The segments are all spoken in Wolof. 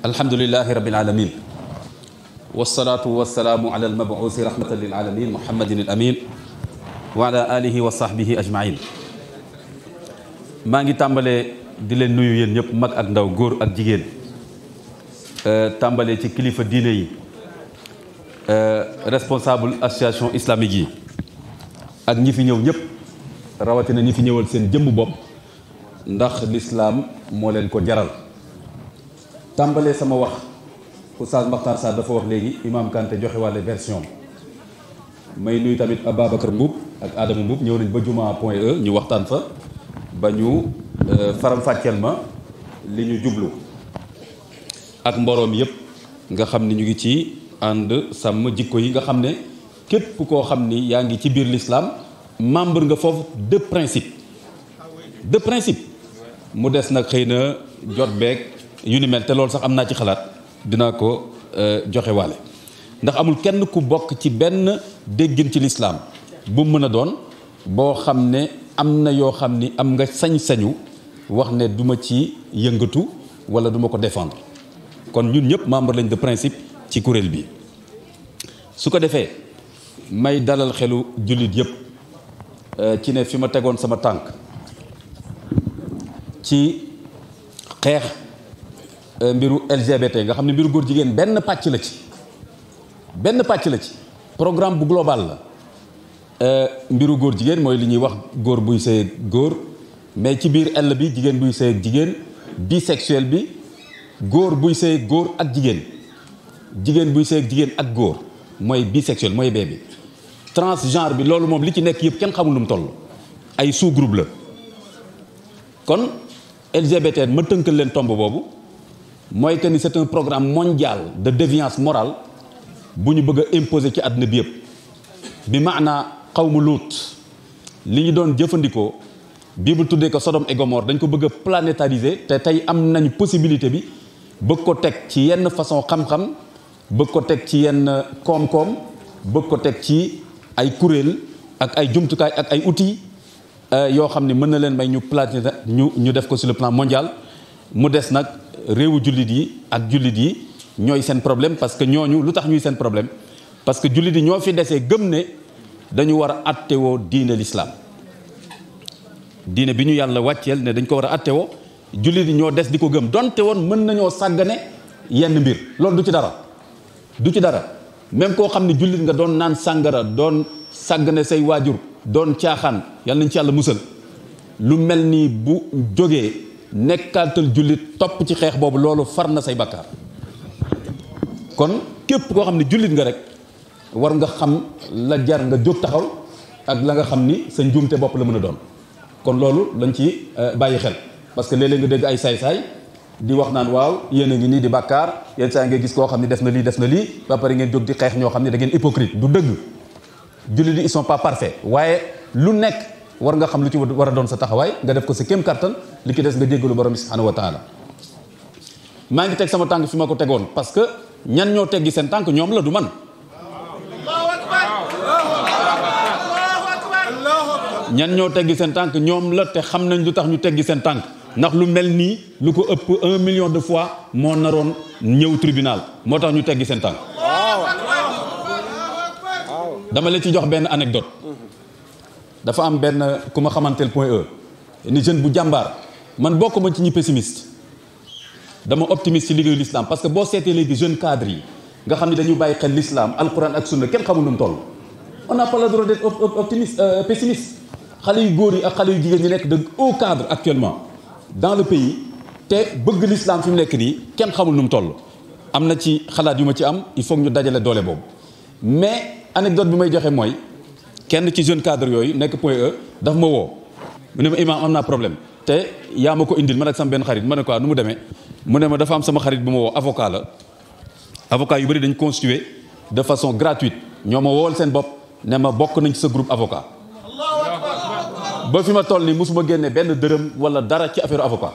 alhamdulilahi rabbil alamin wasalaatu wasalaamu ala almabuusi rahmatan lil alamin muhammadin al amin wa ala alihi wa sahbihi maa ngi tàmbalee di leen nuyu yéen ñëpp mag ak ndaw góor ak jigéen euh, tàmbalee ci kilifa diine yi euh, responsable association islamique ak ñi fi ñëw ñëpp rawatina ñi fi ñëwal seen jëmm bopp ndax lislaam moo leen ko jaral tàmbalee sama wax oustaz Makhtar Sarr dafa wax léegi imam Kanté joxe wàlle version may nuyu tamit Ababacar Mbuub ak Adama Mbuub ñëw nañ ba jumaa point e ñu waxtaan fa ba ñu euh, faram-fàcceel ma li ñu jublu ak mboroom yépp nga xam ni ñu ngi ci ànd sàmm jikko yi nga xam ne képp koo xam ni yaa ngi ci biir lislaam membre nga foofu de principe de principe mu des nag xëy na jot beeg yu ni mel te loolu sax am naa ci xalaat dina ko euh, joxe waale ndax amul kenn ku bokk ci benn déggin ci lislaam bu mën a doon boo xam ne am na yoo xam ni am nga sañ-sañu wax ne duma ci yëngatu wala duma ko défendre kon ñun ñëpp membre lañ de principe ci kuréel bi su ko defee may dalal xelu jullit yëpp euh, ci ne fi ma tegoon sama tànk ci xeex Euh, mbiru LGBT nga xam ne mbiru góor jigéen benn pàcc la ci benn pàcc la ci programme bu global la euh, mbiru góor jigéen mooy li ñuy wax góor buy see góor mais ci biir ell bi jigéen buy sëy jigéen bisexuel bi góor buy see góor ak jigéen jigéen buy sëy jigéen ak góor mooy bisexuel mooy bee bi transgenre bi loolu moom li ci nekk yëpp kenn xamul lu mu toll ay sous groupe la kon LGBT ma tënkal leen tomb boobu mooy que ni c'est un programme mondial de déviance morale bu ñu bëgg a imposer ci àdduna bi yëpp bi maanaa xawmu luut li ñu doon jëfandikoo bible tuddee ko Sodome et Gomorrhe dañ ko bëgg a te tey am nañu possibilité bi bëgg ko teg ci yenn façon xam-xam bëgg ko teg ci yenn koom bëgg ko teg ci ay kuréel ak ay jumtukaay ak ay outils euh, yoo xam ne mën na leen may ñu planéta ñu ñu def ko si le plan mondiale mu des nag réewu jullit yi ak jullit yi ñooy seen problème parce que ñooñu lu tax ñuy seen problème parce que jullit yi ñoo fi desee gëm ne dañu war a attewoo diine l'islam diine bi ñu yàlla wàcceel ne dañ ko war a attewoo jullit yi ñoo des di ko gëm donte woon mën nañoo sàggane yenn mbir loolu du ci dara du ci dara même koo xam ne jullit nga doon naan sàngara doon sàggane say waajur doon caaxaan yàlla nañ ci yàlla musal lu mel ni bu jógee nekkaatal jullit topp ci xeex boobu loolu far na say bakkaar kon képp koo xam ne jullit nga rek war nga xam la jar nga jóg taxaw ak la nga xam ni sa njuumte bopp la mën a doon kon loolu lañ ci euh, bàyyi xel parce que léeg-léeg nga dégg ay saay-saay di wax naan waaw yéen a ngi nii di bàkkaar yenn saa ngay gis koo xam ne def na lii def na lii ba pare ngeen jóg di xeex ñoo xam ne da ngeen hypocrite du dëgg jullit yi ils pas parfaits waaye lu nekk war nga xam lu ci war a doon sa taxawaay nga def ko sa kéem kattan li ci des nga jéggalu borom bi subhanahu wa taala maa ngi teg sama tànk su ma ko tegoon parce que ñan ñoo teggi seen tànk ñoom la du man ñan seen tànk ñoom la te xam nañ lu tax ñu teggi seen tànk ndax lu mel nii lu ko ëpp un million de fois moo naroon ñëw tribunal moo tax ñu teggi seen tànk dama la ci jox benn anecdote dafa am benn ku ma xamanteel point E ni jeune bu jàmbaar man bokk ma ci ñi pessimiste dama optimiste ci liggéeyu l'islam parce que boo seetee léegi jeune cadre yi nga xam ne dañu bàyyi xel l'islam alquran ak sunna kenn xamul nu mu toll on n'a pas le droit d'être optimiste euh, pessimiste xale yu góor yi ak xale yu jigéen ñi nekk dëgg haut cadre actuellement dans le pays te bëgg l'islam fi mu nekk nii kenn xamul nu mu toll am na ci xalaat yu ma ci am il faut ñu dajale doole boobu mais anecdote bi may joxe mooy kenn ci jeune cadre yooyu nekk point E daf ma woo mu ne ma imaam am naa problème te yaa ma ko indil man ak benn xarit ma ne ko nu mu demee mu ne ma dafa am sama xarit bu ma woo avocat la yu bëri dañ constitué de façon gratuite ñoo ma wool seen bopp ne ma bokk nañ ci sa groupe avocat ba fi ma toll nii mosuma génnee benn dërëm wala dara ci affaire avocat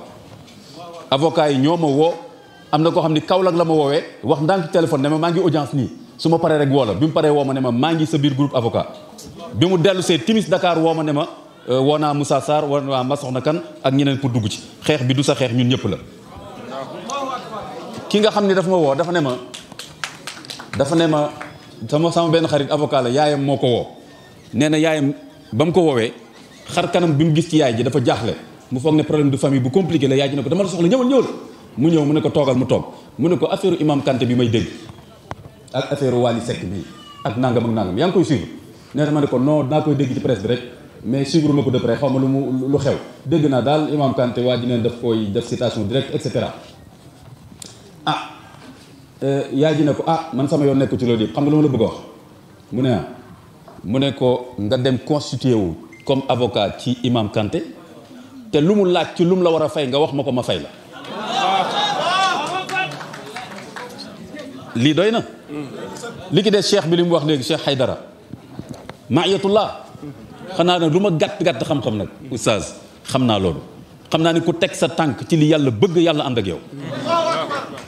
avocat yi ñoo ma woo am na koo xam ni Kaolack la ma woowee wax ndànk téléphone ne ma maa ngi audience nii su ma paree rek woo la bi mu paree woo ma ne ma maa ngi sa biir groupe avocat bi mu dellusee see timis Dakar woo ma ne ma euh, woo naa Moussa Sarr woo naa ma soxna kan ak ñeneen pour dugg ci xeex bi du sa xeex ñun ñëpp la. ki nga xam ne dafa ma woo dafa ne ma dafa ne ma sama sama benn xarit avocat la yaayam moo ko woo nee na yaayam ba mu ko woowee xar kanam bi mu gis ci yaay ji dafa jaaxle mu foog ne problème de famille bu compliqué la yaay ji ne ko dama la soxla ñëwal ñëwal mu ñëw mu ne ko toogal mu toog mu ne ko affaire imam Kanté bi may dégg ak affaire Wally Seck bi ak nangam ak nee ma ne ko non naa koy dégg ci presse bi rek mais suivre ma ko de près xaw ma lu mu lu xew dégg naa daal imam Kanté waa ji neen daf koy def citation et cetera ah euh, yaa ji ne ko ah man sama yoon nekk ci loolu yëpp xam nga lu ma la bëgg mu ne ah nga dem constitué wu comme avocat ci imam te lu mu laaj ci lu mu la war a fay nga wax ma ko ma fay la lii doy na hmm. li ki des cheikh bi li mu wax léegi cheikh Haydara maayatullah xanaa nag lu ma gàtt gàtt xam-xam nag oustaz xam naa loolu xam naa ni ku teg sa tànk ci li yàlla bëgg yàlla ànd ak yow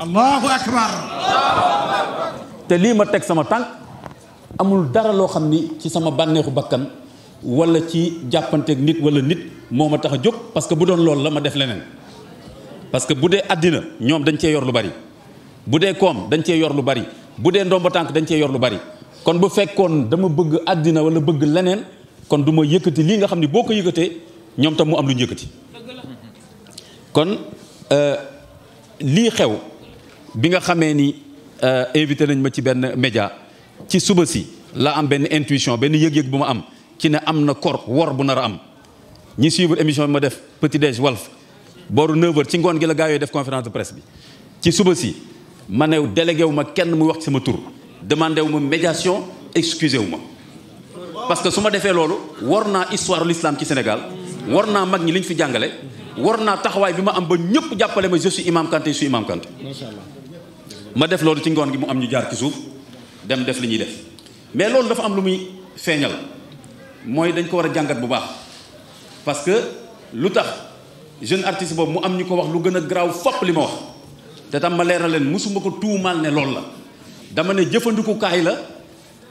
allahu akbar te lii ma teg sama tànk amul dara loo xam ni ci sama bànneexu bakkan wala ci jàppanteeg nit wala nit moo ma tax a jóg parce que bu doon loolu la ma def leneen parce que bu dee àddina ñoom dañ cee yor lu bari bu dee koom dañ cee yor lu bari bu dee ndomba tànk dañ cee yor lu bari kon bu fekkoon dama bëgg àddina wala bëgg leneen kon du ma yëkkati lii nga xam ne boo ko yëkkatee ñoom tam mu am lu ñu yëkkati kon euh, lii xew bi nga xamee ni euh, invité nañ ma ci benn média ci suba si la am benn intuition benn yëg-yëg bu ma am ci ne am na kor wor bu nar a am ñi suivre émission bi ma def petit déj Walf booru 9h ci ngoon gi la gaa def conférence de presse bi ci suba si ma new délégué wu kenn muy wax ci sama tur demandé wu ma médiation excusé wu ma parce que su ma defee loolu war naa histoire l'islam ci Sénégal war naa mag ñi li ñu fi jàngale war naa taxawaay bi ma am ba ñëpp jàppale ma je suis imam Kanté je suis ma def loolu ci ngoon gi mu am ñu jaar ci suuf dem def li ñuy def mais loolu dafa am lu muy feeñal mooy dañ ko war a jàngat bu baax parce que lu tax jeune artiste boobu mu am ñu ko wax lu gën a garaaw fopp li ma wax te tam ma leeral leen mosuma ko tuumaal ne loolu la dama ne jëfandikukaay la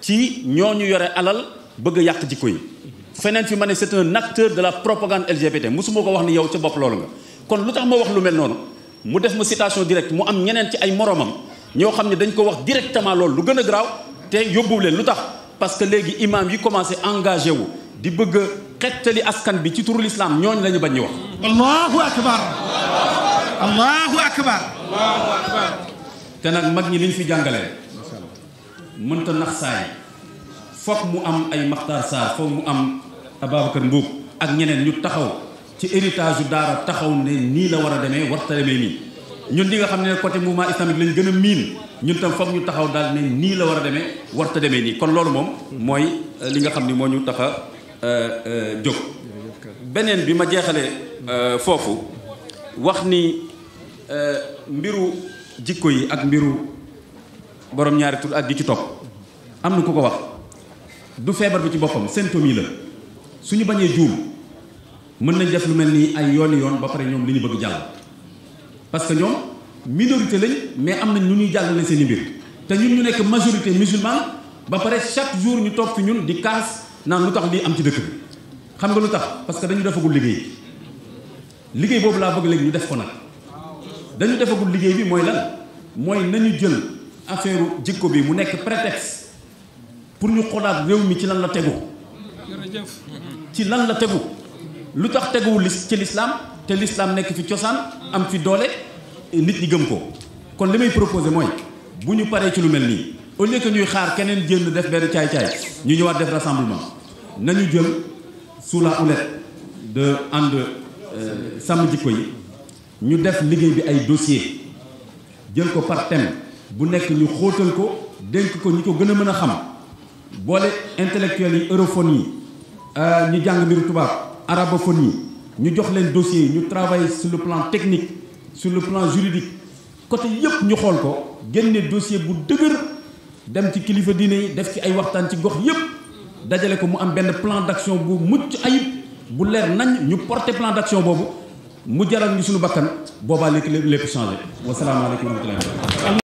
ci ñoo ñu yore alal bëgg yàq jikko yi feneen fi ma ne c'est un acteur de la propagande LGBT mosuma ko wax ni yow ci bopp loolu nga kon lu tax ma wax lu mel noonu mu def ma citation directe mu am ñeneen ci ay moroomam ñoo xam ne dañ ko wax directement loolu lu gën a garaaw te yóbbuwu leen lu tax parce que léegi imam yi commencé engagé wu di bëgg a xettali askan bi ci turu lislaam ñooñu la ñu bañ ñu wax allahu akbar allahu akbar mag ñi liñ fi jàngalee mënta nax saay foog mu am ay Maxtaar Sarr foog mu am Ababacar Mbuub ak ñeneen ñu taxaw ci héritage yu daara taxaw ne nii la war a demee warta demee nii ñun li nga xam ne côté mouvement islamique gën a miin ñun tam foog ñu taxaw daal ne nii la war a demee warta demee nii kon loolu moom mooy euh, li nga xam ni moo ñu taxa a euh, euh, jóg beneen bi ma jeexale foofu wax ni mbiru jikko yi ak mbiru borom ñaari tur ak gi ci topp am na ku ko wax du feebar bi ci boppam symptôme yi la suñu bañee juum mën nañ def lu mel nii ay yoon yoon ba pare ñoom li ñu bëgg jàll parce que ñoom minorité lañ mais am nañ ñu ñuy jàllale seen i mbir te ñun ñu nekk majorité musulmane ba pare chaque jour ñu topp fi ñun di kaas naan lu tax lii am ci dëkk bi xam nga lu tax parce que dañu defagul liggéey liggéey boobu laa bëgg léegi ñu def ko nag dañu defagul liggéey bi mooy lan mooy nañu jël affaire jikko bi mu nekk prétexte pour ñu xoolaat réew mi ci lan la tegu ci lan la tegu lu tax teguwul ci lislaam te lislaam nekk ci cosaan am fi doole nit ñi gëm ko kon li may proposé mooy bu ñu paree ci lu mel nii au lieu que ñuy xaar keneen génn def benn caay-caay ñu ñëwaat def rassemblement nañu jëm sous la houlette de ànd euh, sàmm jikko yi ñu def liggéey bi ay dossier jël ko par thème bu nekk ñu xootal ko dénk ko ñi ko gën a mën a xam boole intellectuel yi europhone yi euh, ñu jàng mbiru tubaab arabophone yi ñu jox leen dossier ñu travaille sur le plan technique sur le plan juridique côté yëpp ñu xool ko génne dossier bu dëgër dem ci kilifa diine yi def ci ay waxtaan ci gox yëpp dajale ko mu am benn plan d'action bu mucc ayib bu leer nañ ñu porter plan d'action boobu mu jaral ñu suñu bakkan boobaa léegi lépp changé wasalaamaaleykum wa rahmatullahi